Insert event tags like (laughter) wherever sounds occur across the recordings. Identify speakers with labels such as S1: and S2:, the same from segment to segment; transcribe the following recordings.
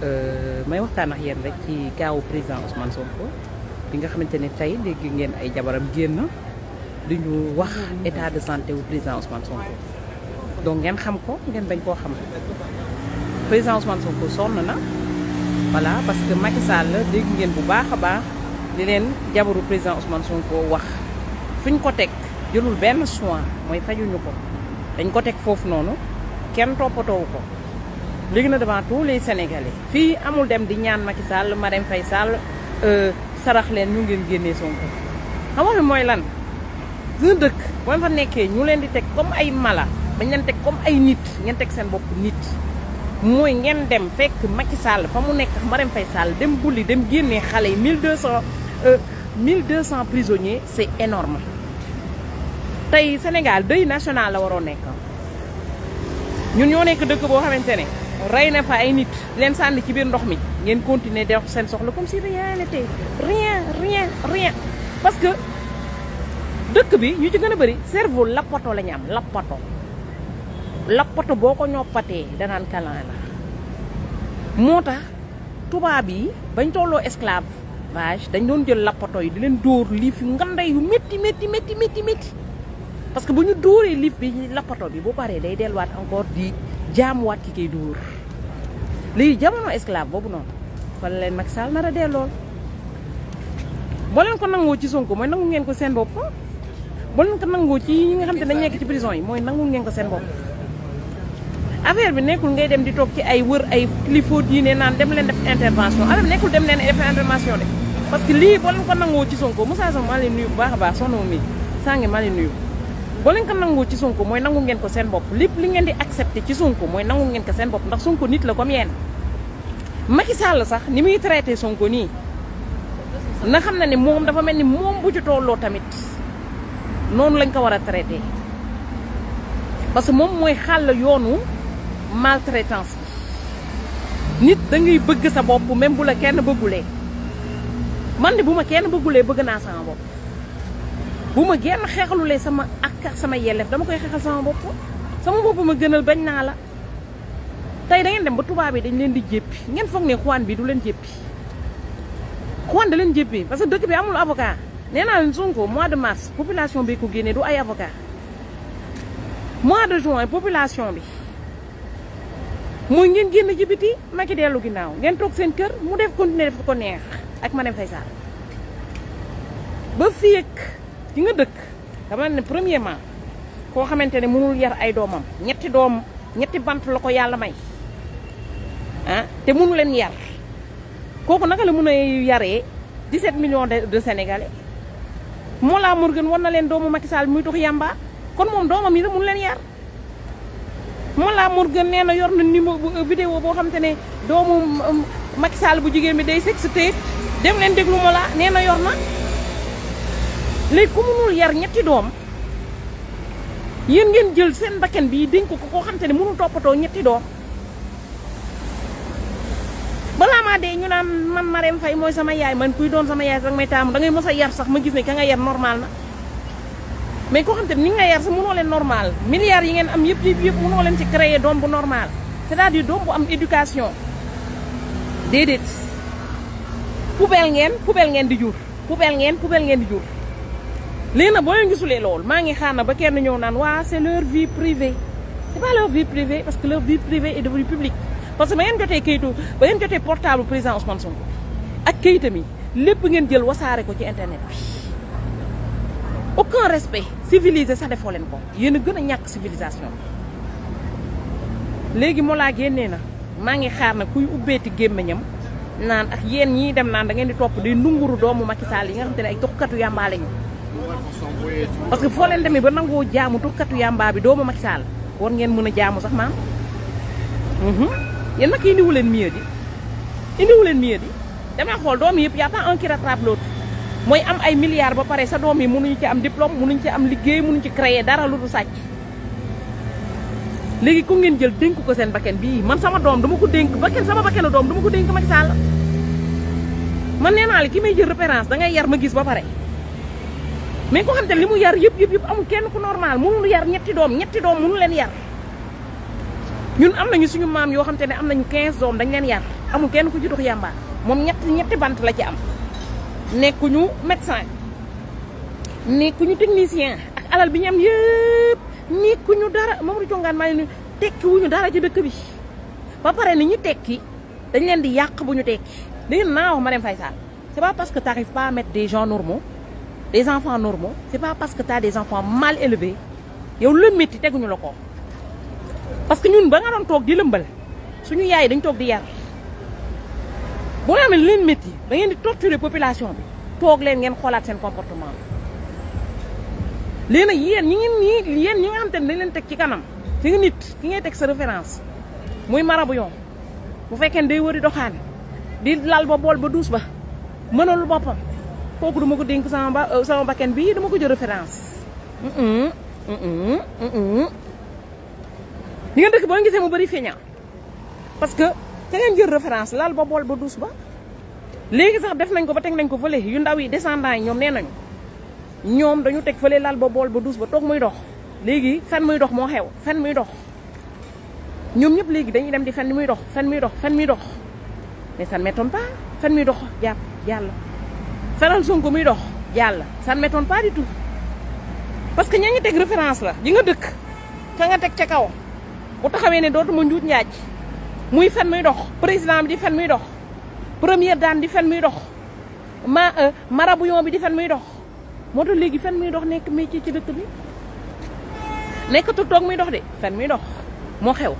S1: Euh, may waxtaan ak yéen rek ci kaawu président Ousmane Sonko bi nga xamante ni tey dégg ngeen ay jabaram génn du ñu wax état de santé wu président Ousmane Sonko donc ngeen xam ko ngeen dañ koo xam président Ousmane Sonko sonn na voilà parce que Macky Sall dégg ngeen bu baax a baax li leen jabaru président Ousmane Sonko wax fuñ ko teg jëlul benn soin mooy fajuñu ko dañ ko teg foofu noonu kenn toppatoowu ko léegi na devant tous les sénégalais Fi amul dem di ñaan Macky Sall Marème Faye Sall euh, sarax leen ñu ngeen son ko. xam nga moy lan un dëkk boo fa nekkee ñu leen di tek comme ay mala bañ leen tek comme ay nit ngeen tek seen bop nit Moy ngeen dem fekk Macky Sall fa mu nekk Marème Faye dem bulli dem gënné xalé 1200 euh 1200 prisonniers c'est énorme Tay Sénégal deuil national la waro nekk ñun ñoo nekk dëkk bo xamantene rey fa ay nit len sand ci bir ndokh mi ngeen continuer def sen soxlo comme si rien n'était rien rien rien parce que deuk bi ñu ci gëna bari bëri cerveau lappato la ñu am lapoto boko boo ko ñoppatee danaan kalan la moo tax tubaab yi bañ tolloo esclavage dañ doon jël lappato yi di len door liif yu yu metti metti metti metti metti parce que buñu dooré lif bi bi bu paré day encore di jaamuwaat ki koy dóor lii jamono esclave boobu noonu fan leen Macky Sall nar a dee lool boo leen ko nangoo ci Sonko mooy nangu ngeen ko seen bopp boo nangoo ci ñi nga xam te dañ nekk ci prison yi mooy nangu ngeen ko seen bopp affaire bi nekkul ngay dem di toog ci ay wër ay li kilifa diine naan dem leen def intervention affaire bi nekkul dem leen def intervention de parce que lii boo leen ko nangoo ci Sonko Moussa Sow maa leen nuyu bu baax a baax soxna mi saa ngi maa leen nuyu boo leen ko nangoo ci sunku moy nangou ngeen ko sen bop lepp li ngeen di accepter ci sunku moy nangou ngeen ko sen bop ndax sunku nit la comme yéen Macky Sall sax ni muy traité sunku ni na xamna ni mom dafa melni ni bu ci tolo tamit nonu lañ ko wara a traité parce mom moy xal yoonu maltraitance nit da ngay bëgg sa bop même bu la kenn bëggulé man de bu kenn bëggulé bëgg na sa bop bu ma genn xeexalulee sama ak sama yelleef dama koy xeexal sama bopp sama bopp ma gënal bañ naa la tey da dem ba tubaab yi dañ leen di jéppi ngeen foog ne xuwaan bi du leen jéppi xuwaan da leen jéppi parce que dëkk bi amul avocat nee naa leen Sonko mois de mars population bi ko génnee du ay avocat mois de juin population bi mooy ngeen génn ci biti Macky dellu ginnaaw ngeen toog seen kër mu def continuer def ko neex ak Marième Faye Sall ba fii ci nga dëkk dama ne premièrement ko xamante mënul yar ay domam ñetti dom ñetti bant la ko may ah té mënul leen yar koku naka la mëna yaré 17 millions de sénégalais Mollah Morgun won na leen domu Macky Sall muy dox yamba kon mom domam yi la mënu leen yar Mollah Morgun nee na yor na numéro vidéo bo xamante domu doomu um, Macky Sall bu jigéen bi day sex tape dem leen déglu Mollah nee yor na léegi ku munul yar ñetti doom yéen ngeen jël seen bakken bi dénk ko koo xam te ne mënul toppatoo ñetti doom balaa maa dee ñu naan man Marème Faye mooy sama yaay man kuy doon sama yaay sax may taamu da ngay mos a yar sax ma gis ne ka nga yar normal na mais koo xam ni nga yar sax mënoo leen normal milliards yi ngeen am yëpp yëpp yëpp mënoo leen ci créer doom bu normal c'est-à-dire doom bu am éducation déedéet poubelle ngeen poubelle ngeen di jur poubelle ngeen poubelle ngeen di jur Les nag boo leen c'est leur vie privée c'est pas leur vie privée parce que leur vie privée est devenue publique parce que ma ngeen présents kayitu ba ngeen portable président Ousmane Sonko ak ngeen jël internet aucun respect civilisé ça defoo ko Vous gëna civilisation légui na kuy gemmeñam ak dem da ngeen di di nga parce que fo len demé ba nango jaamu tukkatu yamba bi doomu Macky Sall war ngeen mën a jaamu sax maam mhm. yeen nak indi wulen mieux di indi wulen mieux di dama xol doom yëpp y pas un qui rattrape l'autre moy am ay milliards ba paré sa doom yi mënuñu ci am diplôme mënuñu ci am liggéey mënuñu ci créer dara lu du sacc légui ku ngeen jël dénk ko sen bakken bi man sama doom dama ko denk bakken sama bakken doom dama ko denk maksal. man nee naa ki may jël référence da ngay yar ma gis ba paré mais ko xam te li yar yëpp yëpp yëpp amu kenn ku normal mu ñu yar ñetti doom ñetti doom ñu len yar ñun am nañu suñu mam yo xam te ne am nañu 15 doom dañ len yar amu kenn ku ci yamba mom ñetti ñetti bant la ci am nekkuñu médecin nekkuñu technicien ak alal bi ñam am yëpp nekkuñu dara Mamadou Diongane ma ñu tekki wuñu dara ci dekk bi ba paré ni ñu tekki dañ len di yàq buñu tekki dañ naaw ma ah, dem Marème Faye c'est pas parce que t'arrives pas à mettre des gens normaux des enfants normaux ce n'est pas parce que tu as des enfants mal élevés yow le la teguñu parce que ñun ba nga doon toog di lëmbal suñu yaay dañ toog di yar boo amee leen population pour leen ngeen comportement Nous nag ñi ngeen ñi gens ñi nga dañ leen teg ci kanam fi nga nit ngay sa référence kooku duma ko dénk sama ba euh, sama bakken bii duma ko jël référence. li nga dëkk boo gisee mu bëri feeñaa parce que te ngeen jël référence laal ba bool ba duus ba léegi sax def nañ ko ba teg nañ ko fële yu ndaw yi descendant yi ñoom nee nañu ñoom dañu teg fële lal ba bool ba duus ba toog muy dox léegi fen muy dox moo xew fen muy dox ñoom ñëpp léegi dañuy dem di fen muy dox fen muy dox fen muy dox mais ça ne m'étonne fen muy dox jàpp jàll. fenal Sonko muy dox yàlla san ne m'étonne pas du tout parce que ña ngi teg référence la ji nga dëkk ka nga teg ca kaw bu taxawee ne dootuma njuut njaaj muy fen muy dox président bi di fen muy dox première daan di fen muy dox ma euh, marabuyon bi di fen muy dox moo tax léegi fen muy dox nekk métier ci ci dëkk bi nekkatul toog muy dox de fen muy dox moo xew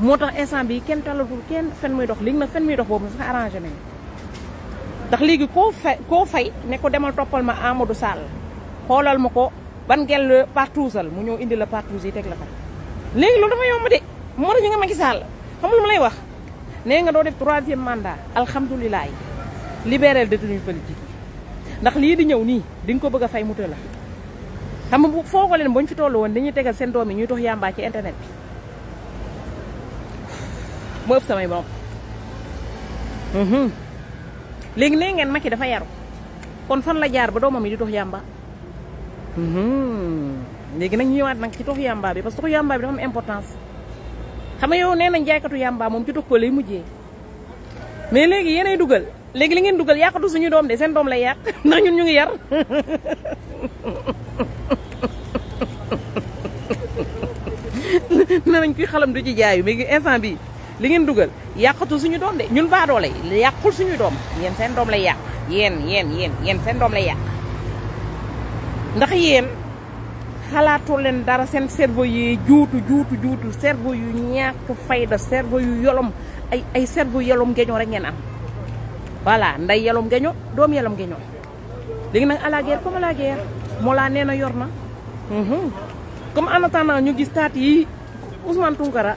S1: moo tax instant bi kenn talatul kenn fen muy dox léegi na fen muy dox boobu sax arrangé ndax léegi koo fay koo fay ne ko demal toppal ma Amadou Sall xoolal ma ko ban gel partousal mu ñëw indi la partous yi teg la fa léegi loolu dafa yomb de moo tax ñu nga Macky Sall ma lay wax nee nga doo def troisième mandat alhamdulilah libéral détenu politique ndax lii di ñëw nii di ko bëgg fay muta la xam foo ko leen fi toll woon dañuy tegal seen doom yi ñuy tox yàmbaa ci internet bi moo ëpp samay bopp léegi nee ngeen Macky dafa yaru kon fan la jaar ba doomam yi di dox yamba yàmba hmm. léegi nag ñëwaat nak ci dox yamba bi parce que yamba bi dafa am importance xam nga yow neena nañ jaaykatu yàmba moom ci dox ko lay mujjé mais léegi yéenay duggal léegi li ngeen dugal yàqatu suñu doom de sen doom la yaq (laughs) ndax ñun ñu ngi yar (laughs) nee nañ kuy xalam du ci jaayu mais instant bi li ngeen dugal yàqatul suñu dom de ñun baadoole yi yàqul suñu dom, yeen seen dom lay yàq yeen yeen yeen yeen seen dom lay yàq ndax yeen xalaatu len dara seen cerveau yi juutu juutu juutu cerveau yu ñak fayda cerveau yu yolom ay ay cerveau yolom geño rek ngeen am wala nday yolom geño dom yolom geño li ngeen ala guerre comme la guerre mo la neena yorna hmm comme en attendant ñu gis taat yi Ousmane Tunkara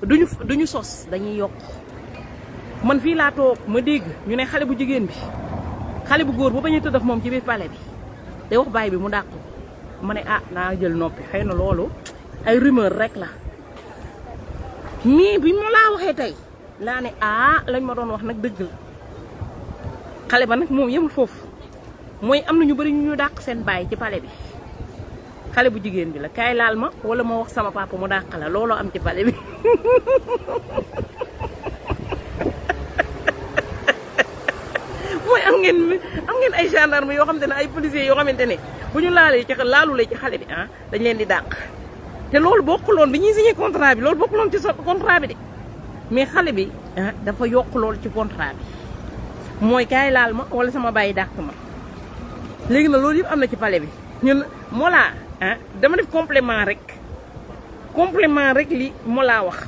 S1: duñu duñu sos dañuy yokk man fii laa toog ma dégg ñu ne xale bu jigéen bi xale bu góor bu bañ a tëddaf moom ci biir palais bi day wax baay bi mu dàq ma ne ah naa jël noppi xëy na loolu ay rumeur rek la mais bi mu laa waxee tey laa ne ah lañ ma doon wax nag dëgg la xale ba nag moom yemul foofu mooy am na ñu bari ñu ñu dàq seen baay ci pale bi. xale bu jigéen bi la kaay laal ma wala moo wax sama papa mu dàq la looloo am ci bale bi (laughs) mooy am ngeen am ngeen ay gendarme yoo xamante ne ay policiers yoo xamante ne bu ñu laalee ci laalulee ci xale bi ah dañ leen di dàq te loolu bokkuloon bi ñuy signé contrat bi loolu bokkuloon ci so contrat bi de mais xale bi ah dafa yokk loolu ci contrat bi mooy kaay laal ma wala sama bàyyi dàq ma léegi nag loolu yëpp am na ci pale bi ñun moo laa ah dama def complément rek complément rek li moo laa wax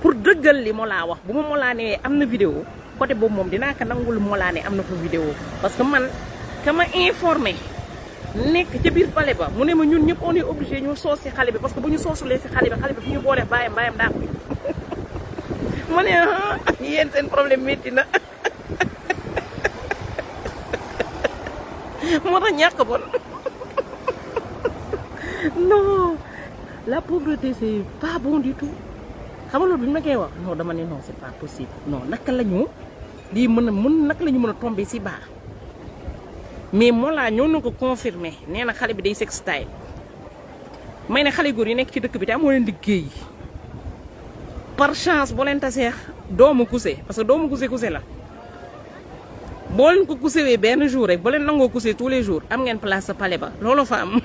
S1: pour dëggal li moo laa wax bu ma molaa nee vidéo côté boobu mom dina ka nangul molaa ne am na vidéo parce que man kama informé nek ci biir pale ba mune ma ñun ñëpp on est obligé ñu soos si xale bi parce que buñu ñu lé ci xalé bi xalé bi fu ñu boolee bàyyam bàyyam daax bi (laughs) mu ne ah, seen problème métti na (laughs) moo tax ñàkk bon (laughs) (laughs) non la pauvreté c'est pas bon du tout xamal nga loolu bi wax non dama ne non c'est pas possible non nak lañu li lii mën a mën naka la ñu mën mais mo la ñëw na ko confirmé nee bi day sex may ne xale góor yi nek ci dëkk bi te amoo leen par chance boo leen tasee doomu kuse parce que doomu kuse kuse la boo leen ko wé ben jour rek boo leen nangoo kuse tous les jours am ngeen place sa palais ba lolo fa am (laughs)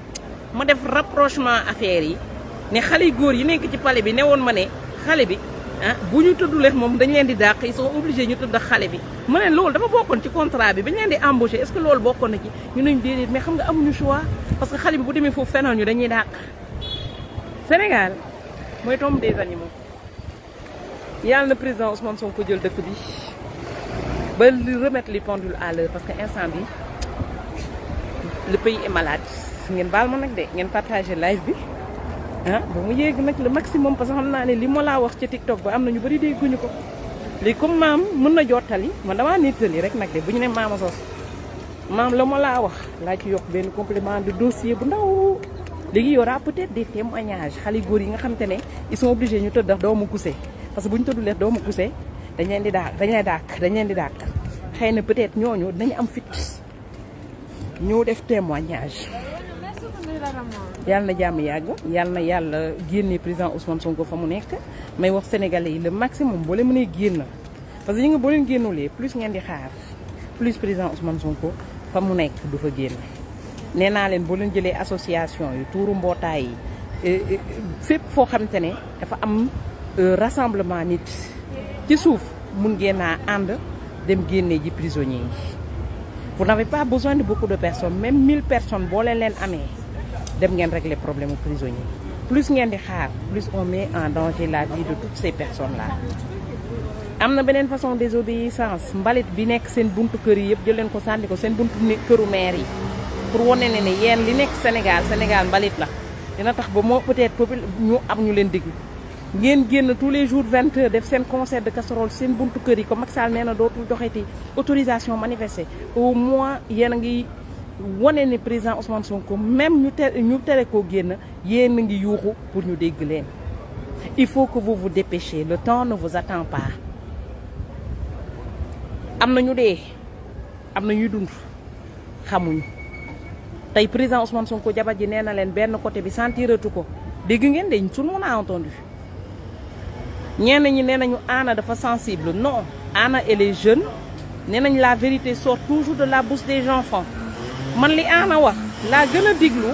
S1: ma def rapprochement affaire yi ne xale yu yi nek ci palais bi ne mané ma bi ah bu ñu tuddulee dañ leen di dàq ils sont obligés ñu tudd xale bi ma lool loolu dafa bokkoon ci contrat bi bañ leen di embaucher est ce que loolu bokkoon na ci ñu ñu déedéet mais xam nga amuñu choix parce que xale bi bu demee fofu fenoon ñu dañuy dàq Sénégal moy tombe des animaux yalla na président Ousmane Sonko jël dëkk bi ba li remettre les pendules à l'heure parce que instant bi le pays est malade ngeen baal ma nag de ngeen partager live bi hein ba mu yegg nak le maximum parce que xam naa ne li mo la wax ci TikTok ba amna ñu bari bëri guñu ko li comme mam mën na jottali man damaa nittali rek nak de buñu ñu ne maama sos mam la mo la wax laa ci yokk benn complément de dossier bu ndaw léegi gi yora peut-être des témoignages xali góor yi nga xam te ils sont obligés ñu tëdd doomu guse parce que bu ñu tëddulee doomu guse dañ leen di daak dañ leen dak dañ leen di dàkk xëy peut-être ñoñu dinañ am fit ñu def témoignage yàlla na jàmm yàgg yalla na président Ousmane Sonko fa nek may wax sénégalais le maximum bo leen mënee génn parce que yi bo boo leen génnulee plus ngén di xaar plus président Ousmane Sonko fa nek du fa génn nee naa leen boo leen jëlee association yi tuuru mbootaay yi eh, eh, fépp foo xamante ne dafa am euh, rassemblement nit ci souf mun ngeen naa dem génne ji prisonniers vous n'avez pas besoin de beaucoup de personnes même 1000 personnes bo leen leen dem ngeen régler problème prisonnier plus ngeen di xaar plus on met en danger la vie de toutes ces personnes là amna une façon désobéissance mbalit bi nek sen buntu keur yi yëpp jël len ko sandi ko sen buntu këru maire yi pour woné né ne yéen li nek Sénégal Sénégal mbalit la dina tax ba peut-être popul ñu am ñu len déglu ngeen génn tous les jours 20 heures def un concert de casserole sen buntu keur yi ko Macky néna dootul joxeti autorisation manifester au moins yéen a ngi est présents président Ousmane Sonko même ñu ñu télé ko génn ngi yuuxu pour nous dégg il faut que vous vous dépêchiez le temps ne vous attend pas amna ñu Vous amna dund xamuñ tay président Ousmane Sonko côté bi ko dégg tout le a entendu Vous ñi dafa sensible non Anna est jeune la vérité sort toujours de la bouche des enfants man li ana wax la gëna diglu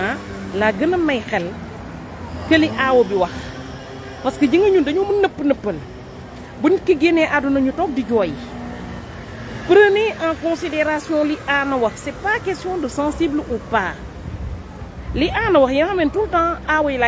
S1: hein la gëna may xel que li aawo bi wax parce que ji nga ñun dañu mën nëpp nëppal bu ki gëné aduna ñu tok di joy prenez en considération li ana wax c'est pas question de sensible ou pas li ana wax yaa xam ne tout temps aawo yi